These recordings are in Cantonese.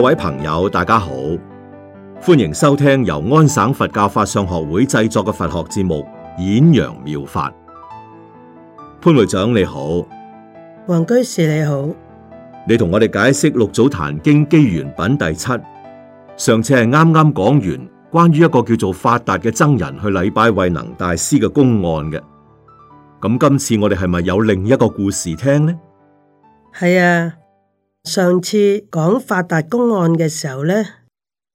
各位朋友，大家好，歡迎收聽由安省佛教法上學會製作嘅佛學節目《演揚妙，妙法》。潘會長你好，黃居士你好，你同我哋解釋《六祖壇經》機緣品第七。上次係啱啱講完關於一個叫做法達嘅僧人去禮拜慧能大師嘅公案嘅。咁今次我哋係咪有另一個故事聽呢？係啊。上次講發達公案嘅時候呢，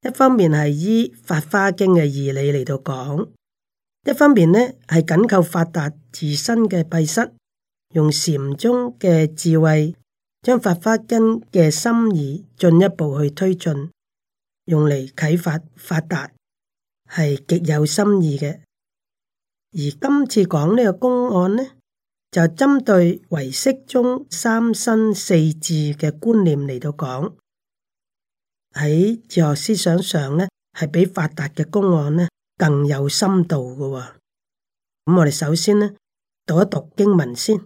一方面係依《法花經》嘅義理嚟到講，一方面呢係緊扣發達自身嘅閉塞，用禪宗嘅智慧將《法花經》嘅心意進一步去推進，用嚟啟發發達，係極有心意嘅。而今次講呢個公案呢。就針對唯識中三身四智」嘅觀念嚟到講，喺哲學思想上呢，係比發達嘅公案呢更有深度嘅喎。咁我哋首先呢，讀一讀經文先。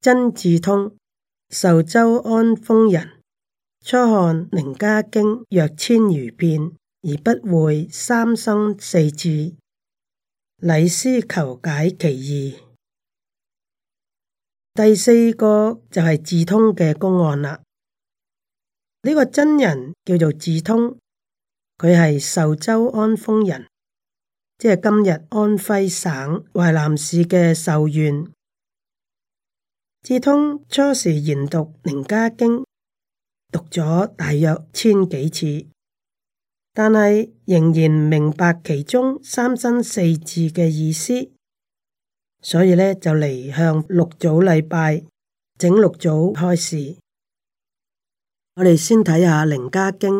僧智通，壽州安豐人，初看《楞伽經》約千餘遍，而不會三身四智」。禮師求解其意。第四個就係智通嘅公案啦。呢、這個真人叫做智通，佢係壽州安豐人，即係今日安徽省淮南市嘅壽縣。智通初時研讀《楞伽經》，讀咗大約千幾次，但係仍然明白其中三身四字嘅意思。所以呢，就嚟向六祖禮拜，整六祖開示。我哋先睇下《凌家經》，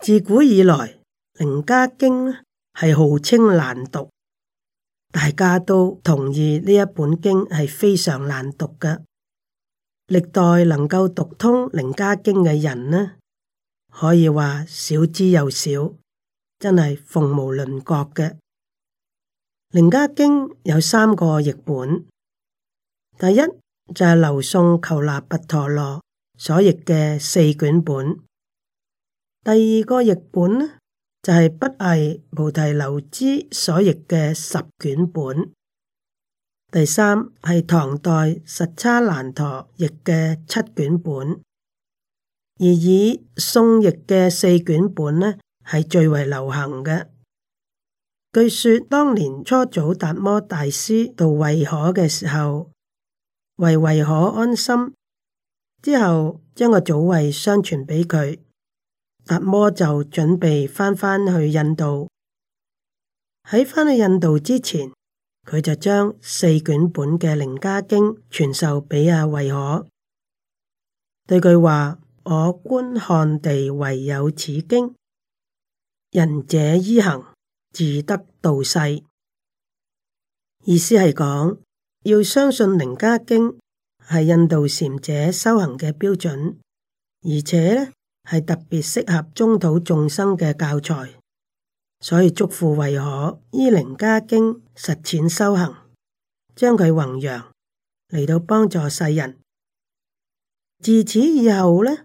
自古以來，《凌家經》係號稱難讀，大家都同意呢一本經係非常難讀嘅。歷代能夠讀通《凌家經》嘅人呢，可以話少之又少，真係鳳毛麟角嘅。《楞伽經》有三個譯本，第一就係劉宋求那跋陀羅所譯嘅四卷本，第二個譯本呢就係北魏菩提流支所譯嘅十卷本，第三係唐代實叉難陀譯嘅七卷本，而以宋譯嘅四卷本呢係最為流行嘅。據說當年初祖達摩大師到慧可嘅時候，為慧可安心之後，將個祖位相傳畀佢。達摩就準備返返去印度，喺返去印度之前，佢就將四卷本嘅《楞伽經》傳授畀阿慧可。對佢話：我觀漢地，唯有此經，仁者依行。自得道世，意思係講，要相信《楞伽經》係印度禪者修行嘅標準，而且咧係特別適合中土眾生嘅教材，所以囑咐慧可依《楞伽經》實踐修行，將佢弘揚嚟到幫助世人。自此以後咧，《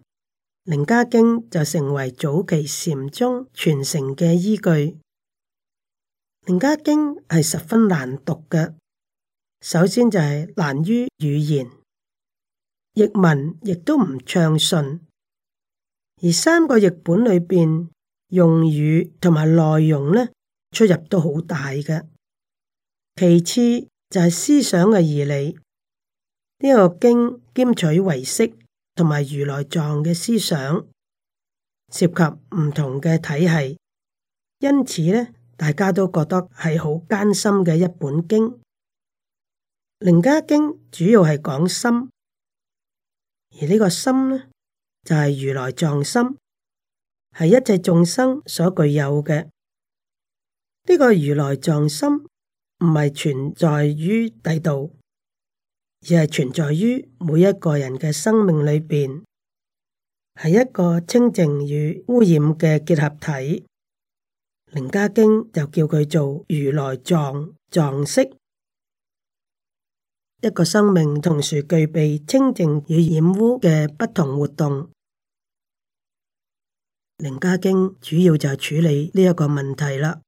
楞伽經》就成為早期禪宗傳承嘅依據。楞伽經係十分難讀嘅，首先就係難於語言，譯文亦都唔暢順，而三個譯本裏邊用語同埋內容呢，出入都好大嘅。其次就係思想嘅義理，呢、這個經兼取唯識同埋如來藏嘅思想，涉及唔同嘅體系，因此呢。大家都覺得係好艱深嘅一本經，《楞伽經》主要係講心，而呢個心呢就係、是、如來藏心，係一切眾生所具有嘅。呢、這個如來藏心唔係存在於第度，而係存在於每一個人嘅生命裏邊，係一個清淨與污染嘅結合體。凌家經》就叫佢做如來藏藏識，一個生命同時具備清淨與染污嘅不同活動，《凌家經》主要就係處理呢一個問題啦。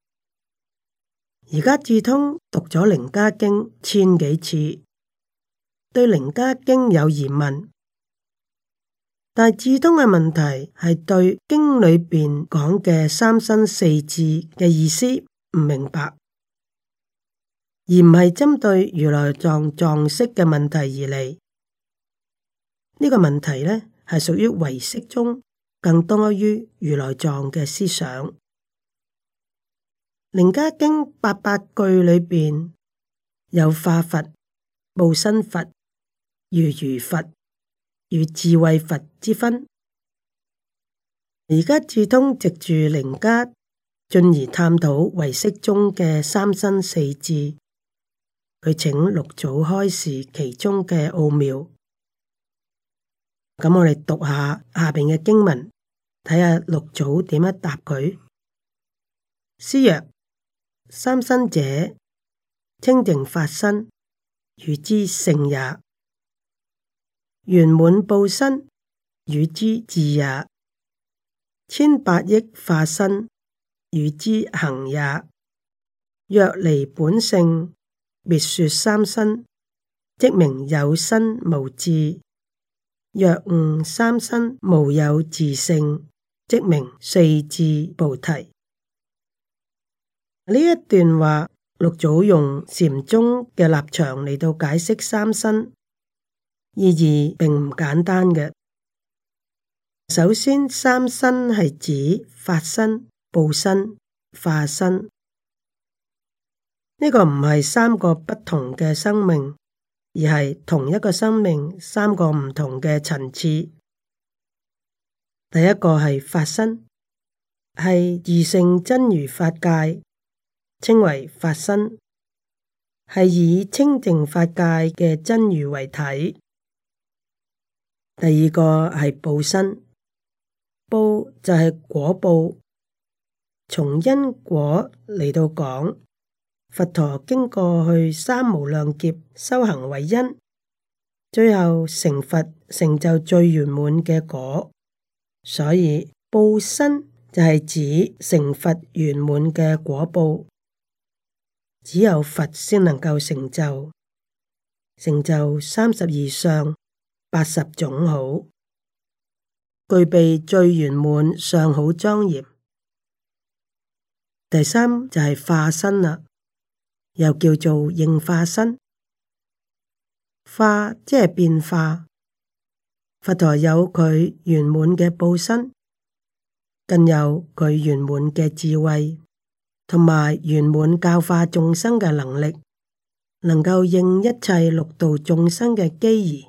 而家智通讀咗《凌家經》千幾次，對《凌家經》有疑問。但智通嘅問題係對經裏邊講嘅三身四智嘅意思唔明白，而唔係針對如來藏藏識嘅問題而嚟。呢、這個問題呢，係屬於唯識中更多於如來藏嘅思想。《楞伽經》八百句裏邊有化佛、報身佛、如如佛。與智慧佛之分，而家智通藉住靈家，進而探討唯識中嘅三身四智，佢請六祖開示其中嘅奧妙。咁我哋讀下下邊嘅經文，睇下六祖點樣答佢。師曰：三身者，清淨法身，汝之性也。圓滿報身與之智也，千百億化身與之行也。若離本性，別說三身，即名有身無智；若悟三身，無有自性，即名四智菩提。呢一段話，六祖用禪宗嘅立場嚟到解釋三身。意義並唔簡單嘅。首先，三身係指法身、報身、化身。呢、這個唔係三個不同嘅生命，而係同一個生命三個唔同嘅層次。第一個係法身，係異性真如法界，稱為法身，係以清淨法界嘅真如為體。第二個係報身，報就係果報，從因果嚟到講，佛陀經過去三無量劫修行為因，最後成佛成就最圓滿嘅果，所以報身就係指成佛圓滿嘅果報，只有佛先能夠成就，成就三十以上，八十種好，具備最圓滿上好莊嚴。第三就係化身啦，又叫做應化身。化即係變化，佛陀有佢圓滿嘅報身，更有佢圓滿嘅智慧，同埋圓滿教化眾生嘅能力，能夠應一切六道眾生嘅機宜。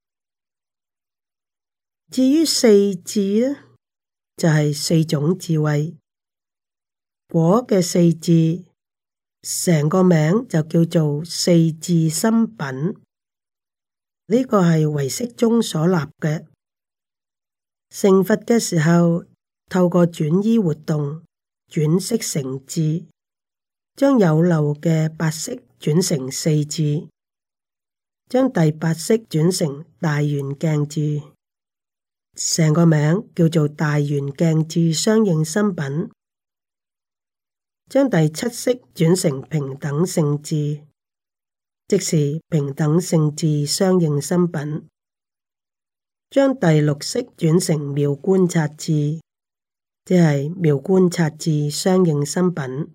至於四智，呢就係、是、四種智慧果嘅四智，成個名就叫做四智心品。呢、這個係唯識宗所立嘅。成佛嘅時候，透過轉依活動，轉識成智，將有漏嘅八識轉成四智，將第八識轉成大圓鏡智。成個名叫做大圓鏡智相應心品，將第七識轉成平等性智，即是平等性智相應心品。將第六識轉成妙觀察智，即係妙觀察智相應心品。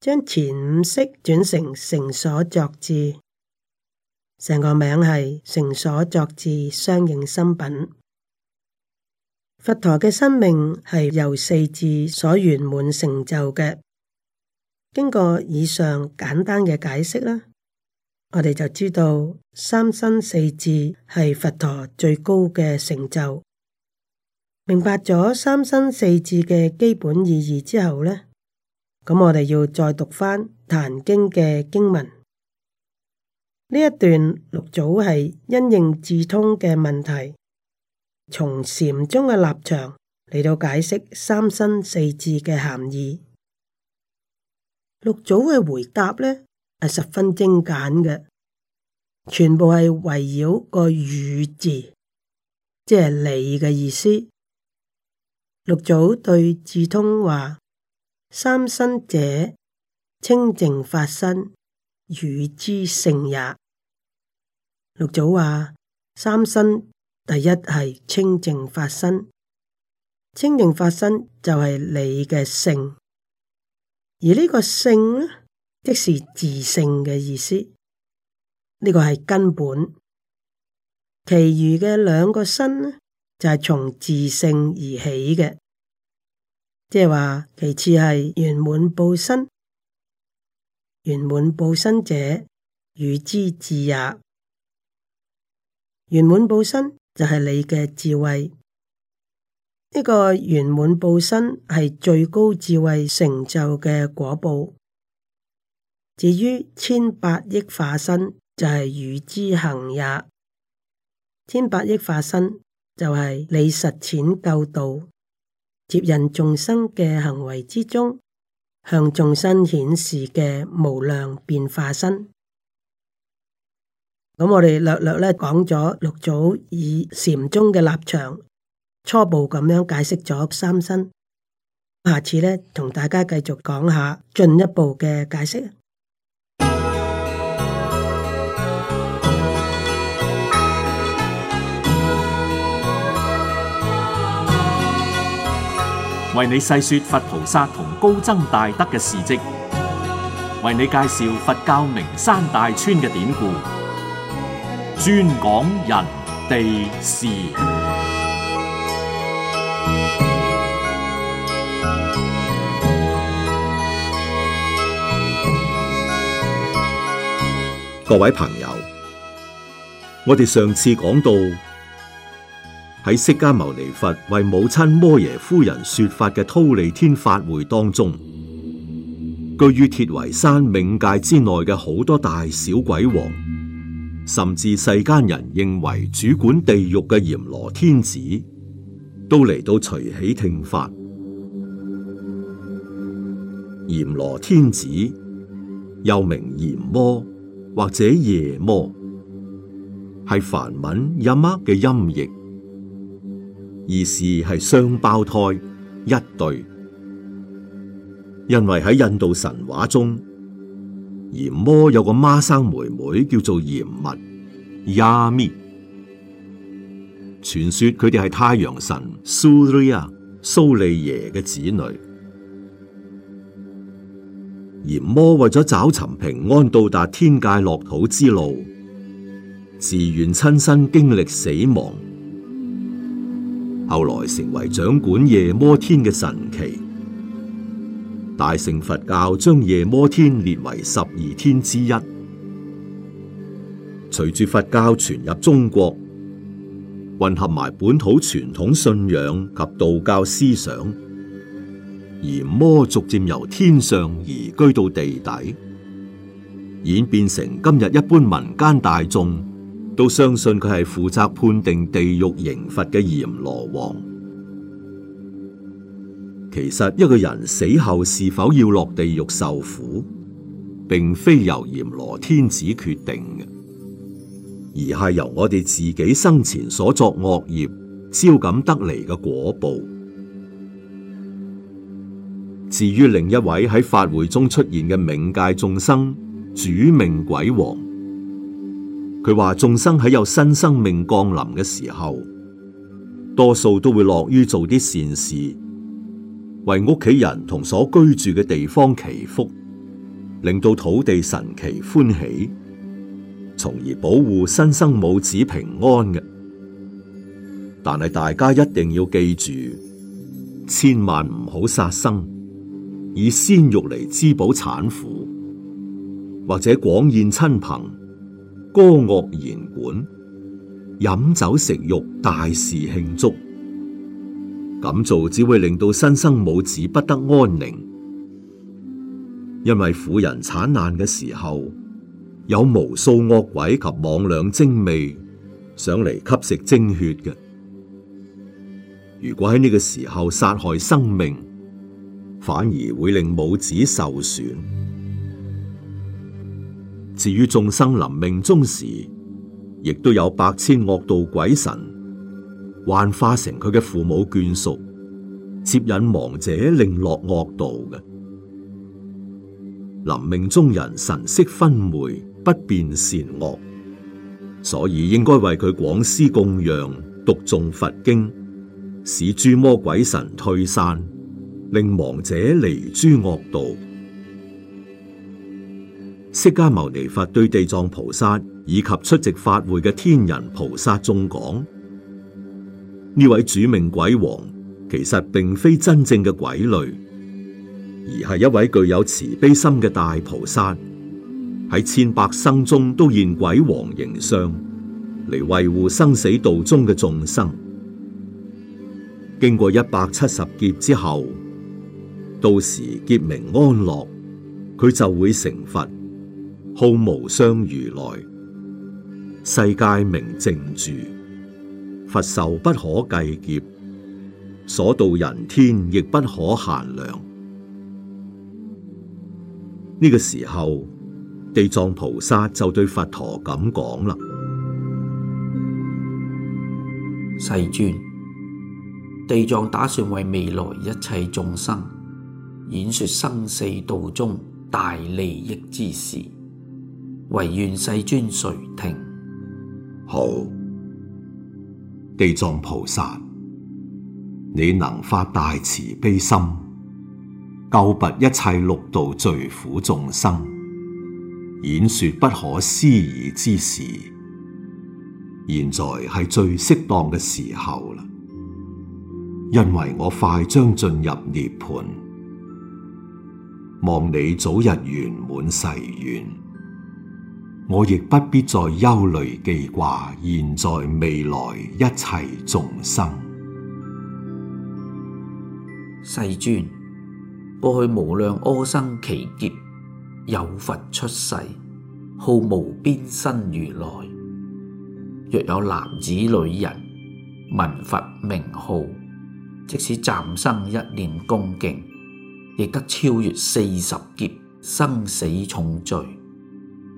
將前五識轉成成所作智，成個名係成所作智相應心品。佛陀嘅生命係由四字所圓滿成就嘅。經過以上簡單嘅解釋啦，我哋就知道三身四字係佛陀最高嘅成就。明白咗三身四字嘅基本意義之後呢，咁我哋要再讀返《壇經》嘅經文，呢一段六祖係因應智通嘅問題。從禪宗嘅立場嚟到解釋「三身四智」嘅含義，六祖嘅回答呢係十分精簡嘅，全部係圍繞個「汝」字，即係「你」嘅意思。六祖對智通話：「三身者，清淨法身、汝之性也」。六祖話：「三身。第一係清淨法身。清淨法身就係你嘅性，而呢個性呢，即是自性嘅意思，呢、這個係根本，其餘嘅兩個身呢，就係從自性而起嘅，即係話其次係圓滿報身，圓滿報身者，如之自也，圓滿報身。就係你嘅智慧，呢個圓滿報身係最高智慧成就嘅果報。至於千百億化身，就係汝之行也。千百億化身就係你實踐救度、接引眾生嘅行為之中，向眾生顯示嘅無量變化身。咁我哋略略咧講咗六祖以禪宗嘅立場，初步咁樣解釋咗三身。下次咧同大家繼續講下進一步嘅解釋。為你細說佛菩薩同高僧大德嘅事跡，為你介紹佛教名山大川嘅典故。專講人地事。各位朋友，我哋上次講到喺釋迦牟尼佛為母親摩耶夫人說法嘅忉利天法會當中，居於鐵圍山冥界之內嘅好多大小鬼王。甚至世間人認為主管地獄嘅閻羅天子都嚟到隨喜聽法。閻羅天子又名閻魔或者夜魔，係梵文一摩嘅音譯，而是係雙胞胎一對。因為喺印度神話中，閻魔有個孖生妹妹叫做閻密，Yami。傳說佢哋係太陽神蘇里亞蘇利耶嘅子女。閻魔為咗找尋平安到達天界樂土之路，自願親身經歷死亡，後來成為掌管夜摩天嘅神祇。大乘佛教將夜魔天列為十二天之一。隨住佛教傳入中國，混合埋本土傳統信仰及道教思想，而魔逐漸由天上移居到地底，演變成今日一般民間大眾都相信佢係負責判定地獄刑罰嘅閻羅王。其實一個人死後是否要落地獄受苦，並非由閻羅天子決定嘅，而係由我哋自己生前所作惡業招感得嚟嘅果報。至於另一位喺法會中出現嘅冥界眾生主命鬼王，佢話眾生喺有新生命降臨嘅時候，多數都會樂於做啲善事。為屋企人同所居住嘅地方祈福，令到土地神奇歡喜，從而保護新生母子平安嘅。但係大家一定要記住，千萬唔好殺生，以鮮肉嚟滋補產婦，或者廣宴親朋，歌樂弦管，飲酒食肉，大事慶祝。咁做只會令到新生母子不得安寧，因為婦人產難嘅時候，有無數惡鬼及魍魎精魅，上嚟吸食精血嘅。如果喺呢個時候殺害生命，反而會令母子受損。至於眾生臨命終時，亦都有百千惡道鬼神。幻化成佢嘅父母眷屬，接引亡者，令落惡道嘅臨命終人神色昏昧，不辨善惡，所以應該為佢廣施供養，讀誦佛經，使諸魔鬼神退散，令亡者離諸惡道。釋迦牟尼佛對地藏菩薩以及出席法會嘅天人菩薩眾講。呢位主命鬼王其實並非真正嘅鬼類，而係一位具有慈悲心嘅大菩薩，喺千百生中都現鬼王形相嚟維護生死道中嘅眾生。經過一百七十劫之後，到時劫名安樂，佢就會成佛，號無相如來，世界名正住。佛壽不可計劫，所度人天亦不可限量。呢個時候，地藏菩薩就對佛陀咁講啦：世尊，地藏打算為未來一切眾生演說生死道中大利益之事，唯願世尊垂聽。好。地藏菩薩，你能發大慈悲心，救拔一切六道罪苦眾生，演說不可思議之時。現在係最適當嘅時候啦，因為我快將進入涅槃。望你早日圓滿誓願。我亦不必再憂慮記掛現在未來一切眾生。世尊，過去無量阿僧祇劫，有佛出世，號無邊身如來。若有男子女人聞佛名號，即使暫生一念恭敬，亦得超越四十劫生死重罪。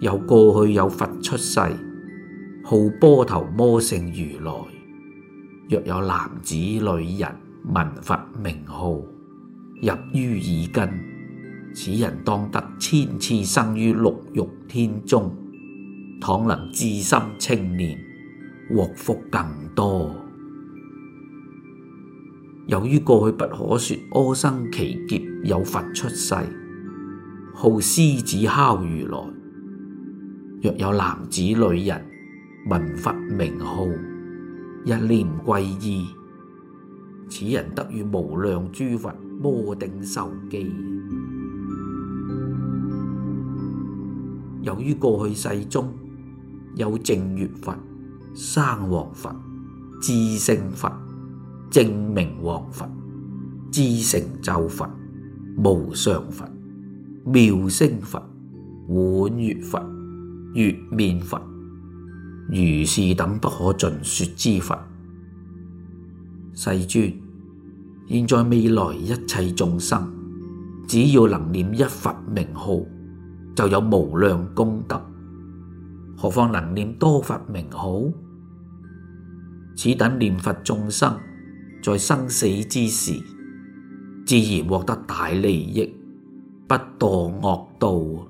有過去有佛出世，號波頭摩聖如來。若有男子女人聞佛名號，入於耳根，此人當得千次生於六欲天中，倘能至心稱念，獲福更多。由於過去不可說，阿僧祇劫有佛出世，號獅子吼如來。若有男子女人聞佛名號，一念歸依。此人得遇無量諸佛摩頂受記。由於過去世中有淨月佛、生王佛、智勝佛、正明王佛、智成就佛、無上佛、妙聲佛、滿月佛。月面佛如是等不可盡說之佛世尊，現在未來一切眾生，只要能念一佛名號，就有無量功德。何況能念多佛名號，此等念佛眾生，在生死之時，自然獲得大利益，不墮惡道。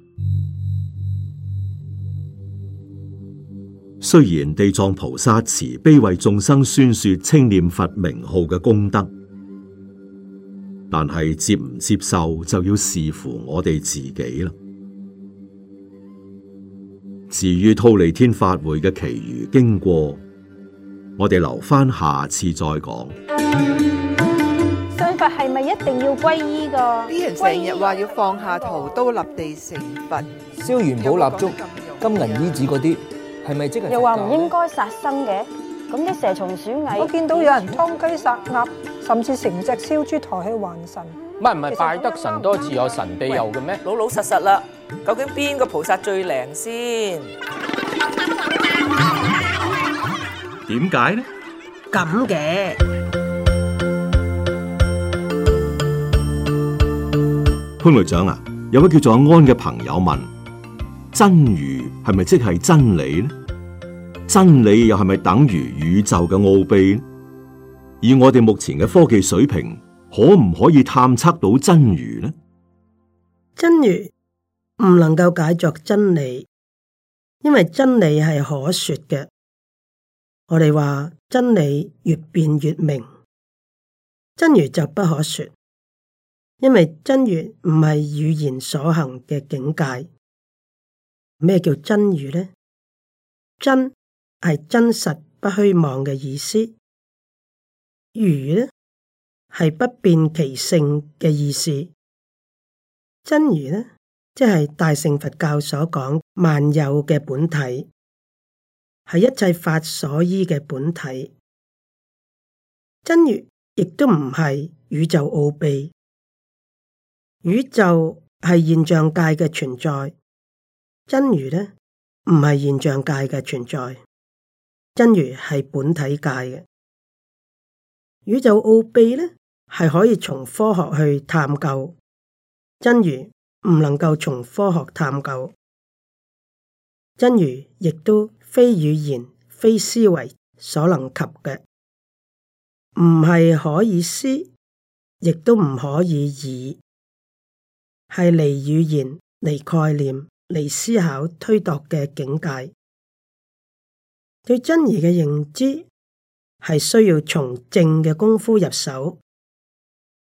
雖然地藏菩薩慈悲為眾生宣說清念佛名號嘅功德，但係接唔接受就要視乎我哋自己啦。至於《忉利天法會》嘅其餘經過，我哋留翻下次再講。信佛係咪一定要皈依噶？啲人成日話要放下屠刀立地成佛，燒元寶蠟燭、金銀衣紙嗰啲。係咪即係？又話唔應該殺生嘅，咁啲蛇蟲鼠蟻，我見到有人劏雞殺鴨，甚至成隻燒豬抬去還神。唔係唔係，拜得神多自有神庇佑嘅咩？老老實實啦，究竟邊個菩薩最靈先？點解呢？咁嘅潘隊長啊，有位叫做阿安嘅朋友問。真如係咪即係真理呢？真理又係咪等於宇宙嘅奧秘呢？以我哋目前嘅科技水平，可唔可以探測到真如呢？真如唔能夠解作真理，因為真理係可說嘅。我哋話真理越辯越明，真如就不可說，因為真如唔係語言所行嘅境界。咩叫真如呢？真係真實不虛妄嘅意思，如呢係不變其性嘅意思。真如呢，即係大乘佛教所講萬有嘅本體，係一切法所依嘅本體。真如亦都唔係宇宙奧秘，宇宙係現象界嘅存在。真如呢，唔係現象界嘅存在，真如係本體界嘅。宇宙奧秘呢，係可以從科學去探究，真如唔能夠從科學探究，真如亦都非語言、非思維所能及嘅，唔係可以思，亦都唔可以以，係離語言、離概念，嚟思考推度嘅境界，對真義嘅認知係需要從正嘅功夫入手，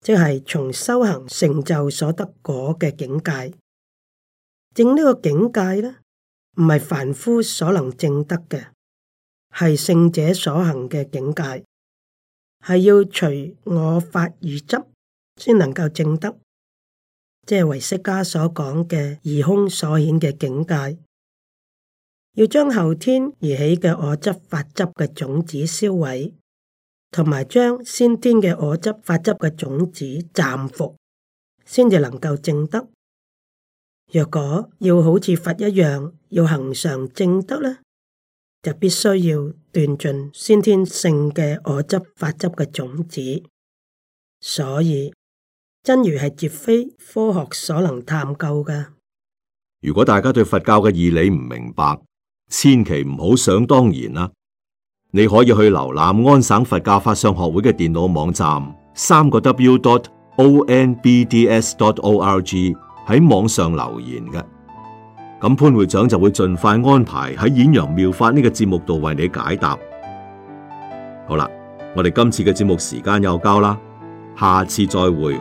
即係從修行成就所得果嘅境界。正呢個境界咧，唔係凡夫所能證得嘅，係聖者所行嘅境界，係要隨我法而執，先能夠證得。即係為釋迦所講嘅二空所顯嘅境界，要將後天而起嘅我執法執嘅種子銷毀，同埋將先天嘅我執法執嘅種子暫伏，先至能夠證得。若果要好似佛一樣要恒常證得呢，就必須要斷盡先天性嘅我執法執嘅種子，所以。真如係絕非科學所能探究噶。如果大家對佛教嘅義理唔明白，千祈唔好想當然啦。你可以去瀏覽安省佛教法相學會嘅電腦網站，三個 W. dot O N B D S. dot O R G 喺網上留言嘅。咁潘會長就會盡快安排喺《演陽妙法》呢、這個節目度為你解答。好啦，我哋今次嘅節目時間又夠啦，下次再會。